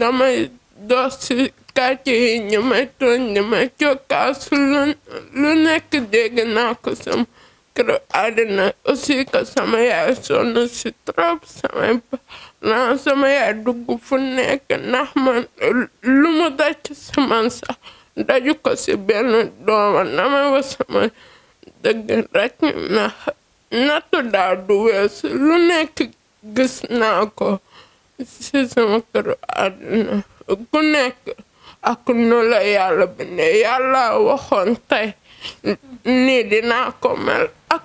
damay dox ci quartier yi ñu may tooñ ñu may cokkaas lu lu nekk dégg naa ko sama kër àddina aussi que sama yaay sonn si trop samay parents sama yaay dugg fu nekk ndax man lu mu daj si man daju ko si benn dooma dama wa sama dëgg rek na nattu daa du wees lu nekk gis naa ko si sama këru àdduna ku nekk ak nu la yàlla bindee yàlla waxoon tey nii dinaa ko mel ak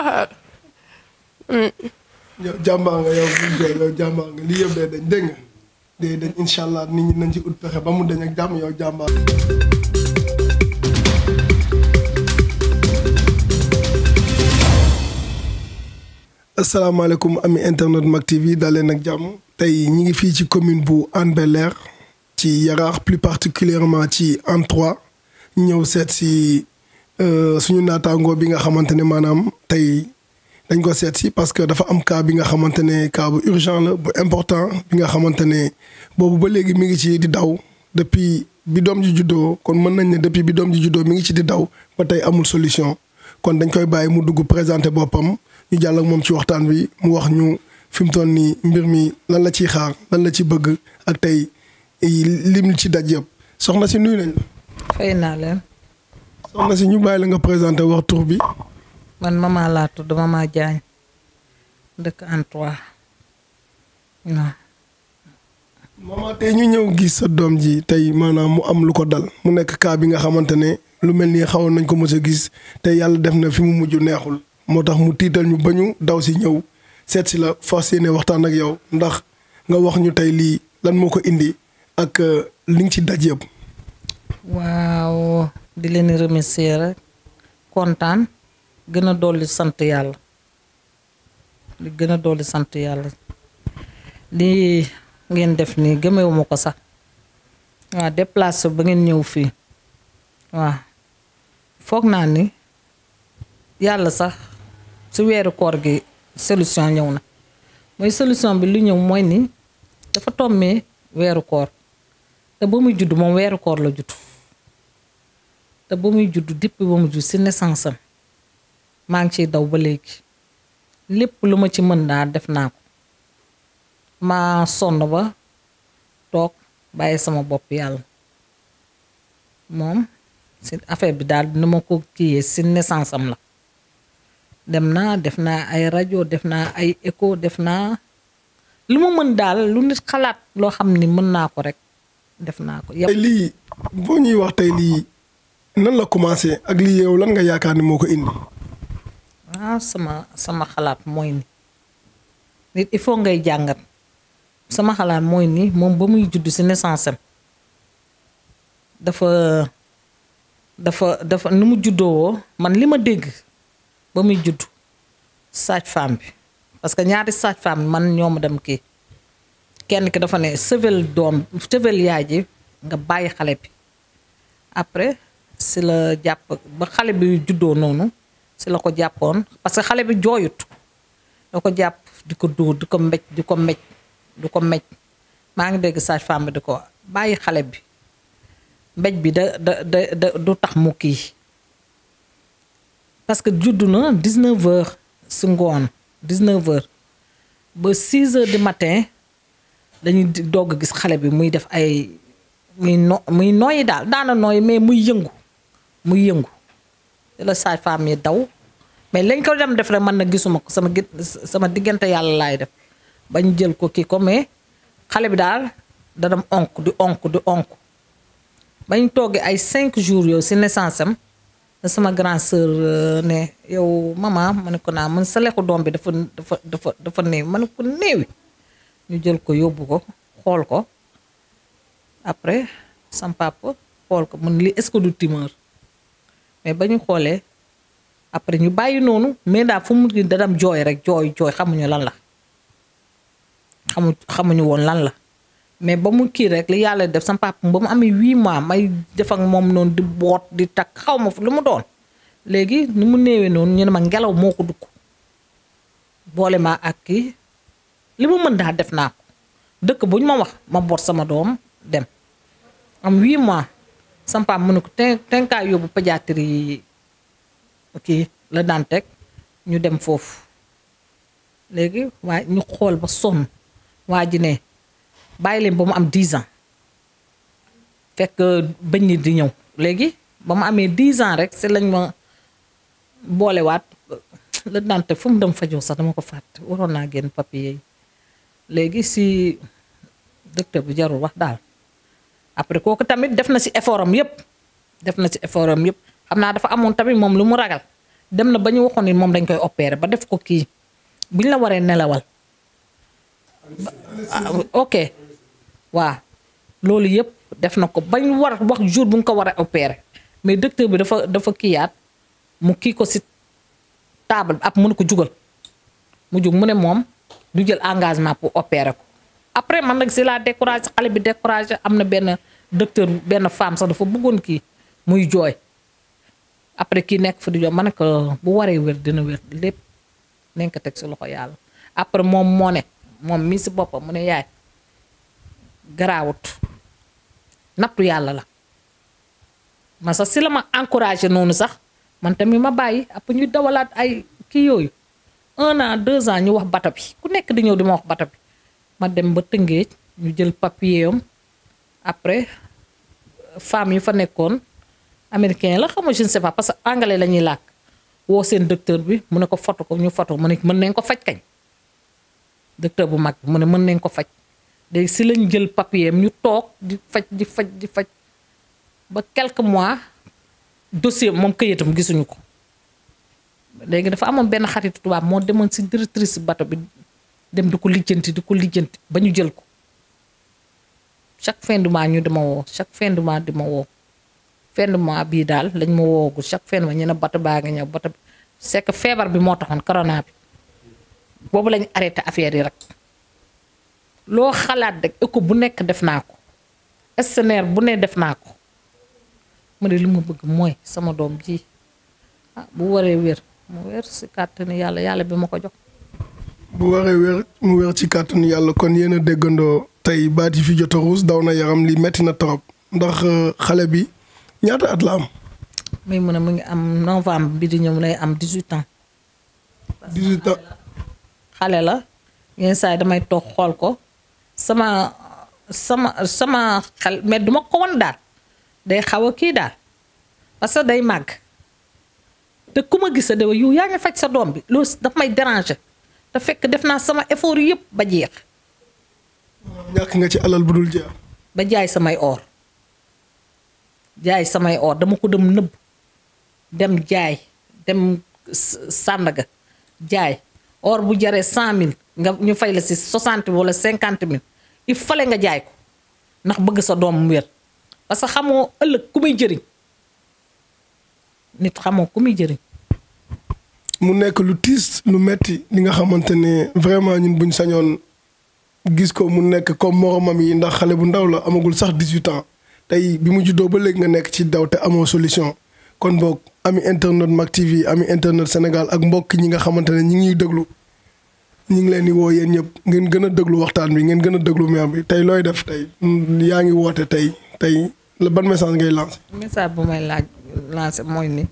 ah. jàmbaa nga yow buñ jooy jàmbaa nga li yëpp dañ dégg nga dee dañ incha nit ñi nañ ci ut pexe ba mu dañ ak jàmm yow jàmbaa asalaamaaleykum ami internet Mak TV dalee nag jàmm tey ñi ngi fii ci commune bu Hann bel ci Yaraax plus particulièrement ci Hann 3 ñëw seet si euh, suñu naataangoo bi nga xamante ne maanaam tey dañ ko seet si parce que dafa am cas bi nga xamante ne cas bu urgent la bu important bi nga xamante ne boobu ba léegi mi ngi ci di daw depuis bi doom ji juddoo kon mën nañ ne depuis bi doom ji juddoo mi ngi ci di daw ba tey amul solution kon dañ koy bàyyi mu dugg présenter boppam ñu jàll moom ci waxtaan bi mu wax ñu fi mu toll nii mbir mi lan la ciy xaar lan la ci bëgg ak tey lim ci daj yëpp soxna si nuyu nañ la. fay naa leen. soxna si ñu bàyyi la nga présenté wax tur bi. man mama laa dama mama Diagne dëkk Antoine waaw. mama tey ñu ñëw gis sa doom ji tey maanaam mu am lu ko dal mu nekk cas bi nga xamante ne lu mel nii xawoon nañ ko mos gis te yàlla def na fi mu mujj neexul. moo tax mu tiital ñu ba ñu daw si ñëw seet la fas yéene waxtaan ak yow ndax nga wax ñu tey lii lan moo ko indi ak euh, li nga ci daj yëpp. waaw di leen remercier rek kontaan gën a dolli sant yàlla di gën a dolli sant yàlla lii ngeen def nii gëmewuma ko sax waaw déplacé ba ngeen ñëw fii waaw foog naa ni yàlla sax. si weeru koor gi solution ñëw na mooy solution bi lu ñëw mooy nii dafa tome weeru koor te ba muy judd moom weeru koor la judd te ba muy judd depuis ba mu judd si naissance maa ngi ciy daw ba léegi lépp lu ma ci mën naa def naa maa sonn ba toog bàyyi sama bopp yàlla moom si affaire bi daal ni ma ko kiiyee si naissance la dem naa def naa ay rajo def naa ay éco def naa lu ma mën daal lu nit xalaat loo xam ni mën naa ko rek def naa ko. tey lii boo ñuy wax tey lii nan la commencé ak lii yow lan nga yaakaar ni moo ko indi. Ah, sama sama xalaat mooy ni nit il faut ngay jàngat sama xalaat mooy nii moom ba muy judd ci naissance am dafa dafa dafa nu mu juddoo man li ma dégg. ba muy judd sage fem bi parce que ñaari sage-femme man ñoo ma dem kii kenn ki dafa ne sëvel doom sëvel yaay ji nga bàyyi xale bi après si la jàpp ba xale bi juddoo noonu si la ko jàppoon parce que xale bi jooyut da ko jàpp di ko dóor di ko mbej di ko mbéj di ko mbéj maa ngi dégg sage-femme bi di ko bàyyi xale bi mbej bi da da da du tax mu kii parce que judd na 19 heures si ngoon 19 heures ba 6 heures du matin dañuy dogg gis xale bi muy def ay muy no muy nooyi daal daana nooyi mais muy yëngu muy yëngu la sage-femme yi daw mais lañ ko dem def rek man na gisuma ko sama sama diggante yàlla laay def bañ jël ko kii ko mais xale bi daal da dem onk di onk di onk bañ toogee ay cinq jours yow si naissance sama grand sœur euh, ne yow mama ma ne ko naa man sa lekku doom bi dafa dafa dafa dafa néew ma ne ko néewi ñu jël ko yóbbu ko xool ko après sam xool ko mun li est-ce que du tumeur mais ba ñu xoolee après ñu bàyyi noonu mais daal fu mu dadam jooy rek jooy jooy xamuñu lan la xamu xamuñu woon lan la mais ba mu kii rek li yàlla def sama papa ba mu amee huit mois may def moom noonu di boot di takk xaw ma lu mu doon léegi nu mu néewee noonu ñu ne ma ngelaw moo ko dugg boole ma ak kii li mu mën daa def naa ko dëkk bu ñu ma wax ma boot sama doom dem am huit mois sama papa mu ne ko te tenkaa yóbbu pédiatrie yi kii la daan teg ñu dem foofu léegi waaye ñu xool ba sonn waa ji ne bàyyi leen ba mu am 10 ans fekk bañ nit di ñëw léegi ba mu amee 10 ans rek si lañ ma boolewaat la daan fu mu dem fajoo sax dama ko fàtte waroon naa génn papier yi léegi si docteur bu jarul wax daal après kooku tamit def na si effort am yëpp def na si effort am yëpp xam naa dafa amoon tamit moom lu mu ragal dem na ba ñu waxoon ni moom dañ koy opérer ba def ko kii bu ñu la waree nelawal ah, ok waa loolu yëpp def na ko bañ war wax jour bu nga ko war a opérer mais docteur bi dafa dafa yaat mu kii ko si table ab mënu ko jugal mu jug mu ne moom du jël engagement pour opérer ko après man nag si laa découragé xale bi découragé am na benn docteur benn femme sax dafa buggoon kii muy jooy après kii nekk fa di jooy ma ne ko bu waree wér dina wér lépp nañ ko teg si loxo yàlla après moom moo ne moom mii si boppam mu ne yaay. garaawut nattu yàlla la man sax si la ma encouragé noonu sax man tamit ma bàyyi après ñuy dawalaat ay kii yooyu un an deux ans ñu wax bata bi ku nekk di ñëw di ma wax bata bi ma dem ba Tëngéej ñu jël papier am après femmes yi fa nekkoon américain la xamu je ne sais pas parce que anglais la ñuy làkk woo seen docteur bi mu ne ko foto ko ñu foto mu ne mën nañ ko faj kañ docteur bu mag mu ne mën nañ ko faj léegi si lañ jël papier ñu toog di faj di faj di faj ba quelque mois dossier moom këyitam gisuñu ko léegi dafa amoon benn xaritu tubaab moo demoon si directrice bato bi dem di ko lijjanti di ko lijjanti ba ñu jël ko chaque fin ñu dama woo chaque fin du mois di ma woo fin bii daal lañ ma woogu chaque fin du ñu ne bato baa ngi ñëw bato c'est que feebar bi moo taxoon corona bi boobu lañu arrêté affaire yi rek. loo xalaat rek éco bu nekk def naa ko SNR bu ne def naa ko ma ne li ma bëgg mooy sama doom ji ah, bu waree wér mu wér yàlla yàlla ma ko jox. bu mu wér ci kàttanu yàlla kon yéen a déggandoo tey baat yi fi jot a ruus daw na yaram li metti na trop ndax euh, xale bi ñaata at la am. muy mu ne mu ngi am novembre bi di ñëw lay am dix huit ans. dix huit ans xale la yenn saa yi damay toog xool ko. sama sama sama xel mais duma ko daal day xaw a kii daal parce que day màgg te ku ma gis gisa de yow yaa ngi faj sa doom bi loolu daf may déranger te fekk def naa sama effort yëpp ba jeex. ñàkk nga ci alal bu dul jeex. ba jaay samay or jaay samay or dama ko dem nëb dem jaay dem sàndaga jaay or bu jaree cent mille nga ñu fay la si 60 walla cinquante mille il fale nga jaay ko ndax bëgg sa doom mu wér parce que xamoo ëllëg ku muy jëriñ nit xamoo ku muy jëriñ. mu nekk lu tiis lu metti li nga xamante ne vraiment ñun buñ sañoon gis ko mu nekk comme moromam yi ndax xale bu ndaw la amagul sax 18 ans tey bi mu juddoo ba léegi nga nekk ci daw te amoo solution. kon boog ami internet Mak TV ami internet Sénégal ak mbokk ñi nga xamante ne ñi ngiy ñuy déglu. ñu ngi leen di woo yéen ñëpp ngeen gën a déglu waxtaan bi ngeen gën a déglu miam bi tey looy def tey yaa ngi woote tey tey la ban message ngay lancé. message bu may laaj lancé mooy nii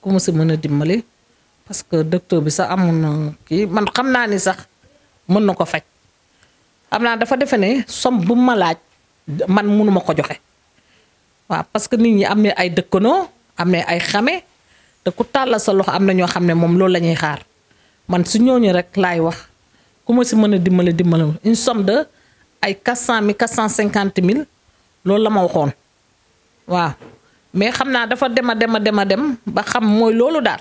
ku ma si mën a dimbali parce que docteur bi sax amoon na kii man xam naa ni sax mën na ko faj xam naa dafa defe ne som bu ma laaj man mënuma ko joxe waaw parce que nit ñi am na ay dëkkanoo am na ay xame te ku tàllal sa loxo am na ñoo xam ne moom loolu la ñuy xaar man su ñooñu rek laay wax. ku ma si mën a dimbale dimbale une somme de ay quatre cent mille quatre cent cinquante mille loolu la ma waxoon waaw mais xam naa dafa dem a dem a dem a dem ba xam mooy loolu daal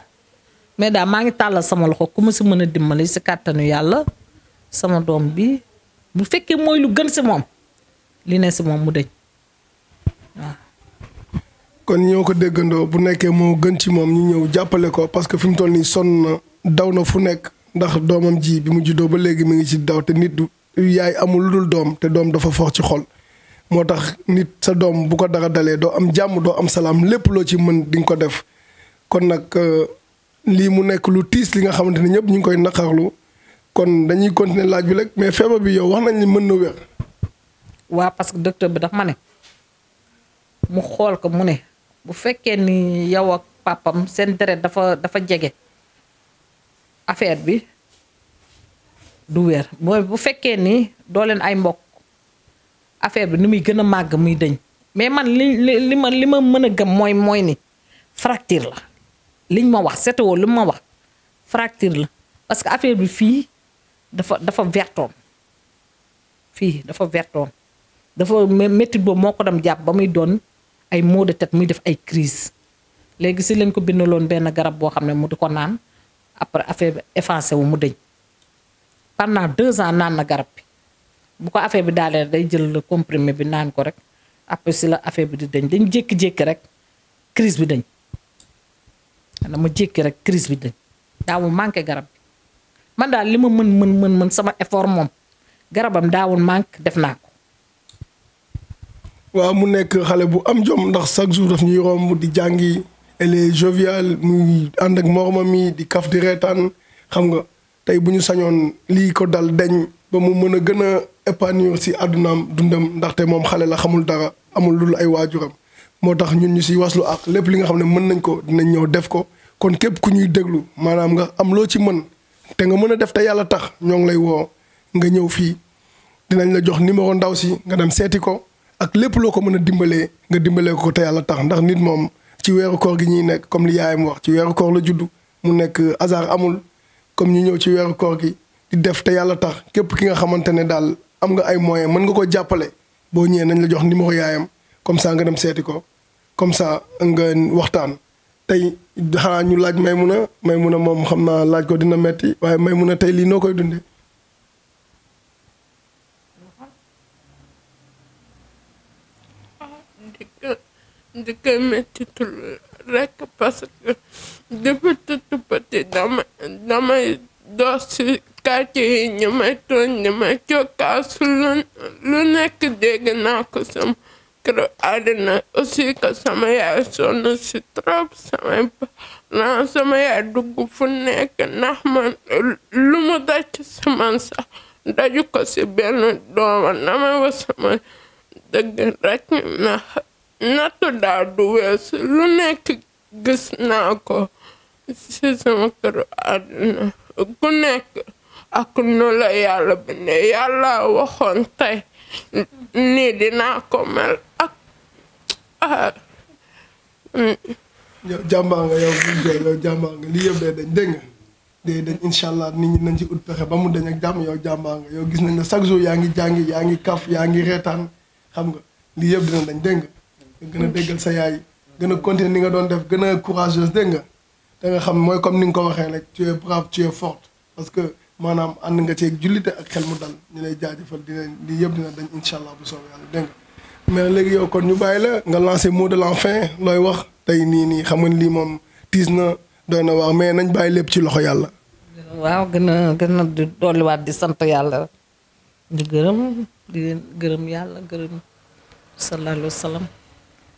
mais daal maa ngi tàllal sama loxo ku ma si mën a dimbale si kàttanu yàlla sama doom bi bu fekkee mooy lu gën si moom li ne si moom mu dëj waaw. kon ñoo ko déggandoo bu nekkee moo gën ci moom ñu ñëw jàppale ko parce que toll nii sonn na daw na fu nekk. ndax doomam ji bi mu juddoo ba léegi mi ngi ci daw te nit yaay amul lu dul doom te doom dafa fox ci xol moo tax nit sa doom bu ko dara dalee doo am jàmm doo am salaam lépp loo ci mën di ko def kon nag euh, lii mu nekk lu tiis li nga xamante ne ñëpp ñu ngi koy naqarlu kon dañuy continuer laaj bi rek mais feebar bi yow wax nañ ni mën na wér. waa parce que docteur bi dafa ma ne mu xool ko mu ne bu fekkee ni yow ak papam seen deret dafa dafa jege. affaire bi du wér bu fekkee ni doo leen ay mbokk affaire bi ni muy gën a màgg muy dëñ mais man li li ma mën a gëm mooy mooy ni fracture la liñ ma wax setewoo li ma wax fracture la parce que affaire bi fii dafa dafa vertoon fii dafa vertoon dafa métti boobu moo ko dem jàpp ba muy doon ay maux de tête muy def ay crise léegi si leen ko bindaloon benn garab boo xam ne mu di ko naan après affaire bi effacé wu mu dëñ naa deux ans naan na garab bi bu ko affaire bi daalee day jël comprimer bi naan ko rek après si la affaire bi di dëñ dañ jékki-jékki rek crise bi dëñ dama jékki rek crise bi dëñ daawul manqué garab bi man daal li ma mën mën mën mën sama effort moom garabam daawul manqué def naa ko. waaw mu nekk xale bu am jom ndax chaque jour daf ñuy romb di jàngi. elle est joviale muy ànd ak moromam yi di kaf di reetaan xam nga tey bu ñu sañoon lii ko dal deñ ba mu mën a gën a épanouir si àddunaam dundam ndaxte moom xale la xamul dara amul lul ay waajuram moo tax ñun ñu si waslu ak lépp li nga xam ne mën nañ ko dinañ ñëw def ko kon képp ku ñuy déglu maanaam nga am loo ci mën te nga mën a def te yàlla tax ñoo ngi lay woo nga ñëw fii dinañ la jox numéro ndaw si nga dem seeti ko ak lépp loo ko mën a dimbalee nga dimbalee ko te yàlla tax ndax nit moom ci weeru koor gi ñuy nekk comme li yaayam wax ci weeru koor la juddu mu nekk hasard amul comme ñu ñëw ci weeru koor gi di def te yàlla tax képp ki nga xamante ne daal am nga ay moyen mën nga ko jàppale boo ñëwee nañ la jox ni ko yaayam comme ça nga dem seeti ko comme ça nga waxtaan. tey xanaa ñu laaj may mun a mun a moom xam naa laaj ko dina metti waaye a tey lii noo koy dundee. njëkk a mettitul rek parce que dafa tudd damay dox si quartier yi ñu tooñ ñu may cokkaasu lu nekk dégg naa ko sama këru àddina aussi que sama yaay sonn si trop sama naa sama yaay dugg fu nekk ndax man lu mu daj si man daju ko si benn dooma dama wa sama dëgg rek na nattu daa du wees lu nekk gis naa ko ci sama këru àdduna ku nekk ak nu la yàlla binde yàlla waxoon tey nii dinaa ko mel ak ah. yow jàmbaa nga lii yëpp dañ dégg nga dañ incha allah nañ ci ut pexe ba mu dañ ak jàmm yow jàmbaa nga yow gis nañ ne chaque jour yaa ngi jàngi yaa ngi kaf yaa ngi reetaan xam nga lii yëpp dina dañ dégg gën a déggal sa yaay gën a continuer ni nga doon def gën a courageuse dégg nga te nga xam mooy comme ni nga ko waxee rek tu es brave tu es forte parce que maanaam ànd nga ceeg jullite ak xel mu dal ñu lay jaajëfal dina li yëpp dina dañ incha allah bu soobee yàlla dégg nga mais léegi yow kon ñu bàyyi la nga lancé mot de la fin looy wax tey nii nii xam nga lii moom tiis na doy na waaw mais nañ bàyyi lépp ci loxo yàlla waaw gën a gën a dolliwaat di sant yàlla di gërëm di gërëm yàlla gërëm sallallahu alayhi wa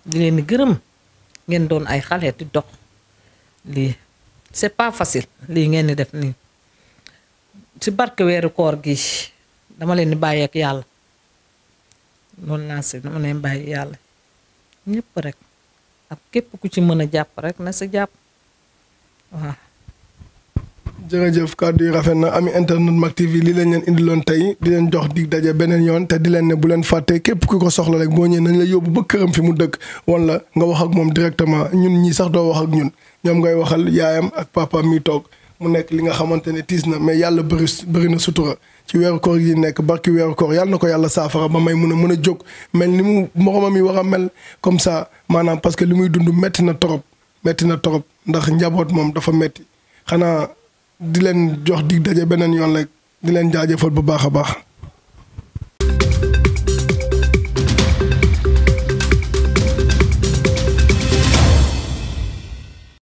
di leen di gërëm ngeen doon ay xale di dox lii c'est pas facile lii ngeen di def nii ci barke weeru koor gi dama leen di bàyyi yàlla loolu naa si dama leen bàyyi yàlla ñëpp rek ak képp ku ci mën a jàpp rek na si jàpp waaw jërëjëf kàddu yi rafet na ami internet Mak TV lii lañ leen indiloon tey di leen jox di daje beneen yoon te di leen ne bu leen fàtte képp ku ko soxla rek boo ñëwee nañ la yóbbu ba këram fi mu dëkk wala nga wax ak moom directement ñun ñi sax doo wax ak ñun ñoom ngay waxal yaayam ak papa mi toog mu nekk li nga xamante ne tiis na mais yàlla bëri bëri na sutura ci weeru koor yi nekk barki weeru koor yàlla na ko yàlla saafara ba may mun a mën a jóg mel ni mu moromam yi war a mel comme ça maanaam parce que li muy dund métti na torop métti na torop ndax njaboot moom dafa métti di leen jox dig daje beneen yoon rek di leen jaajëfal bu baax a baax.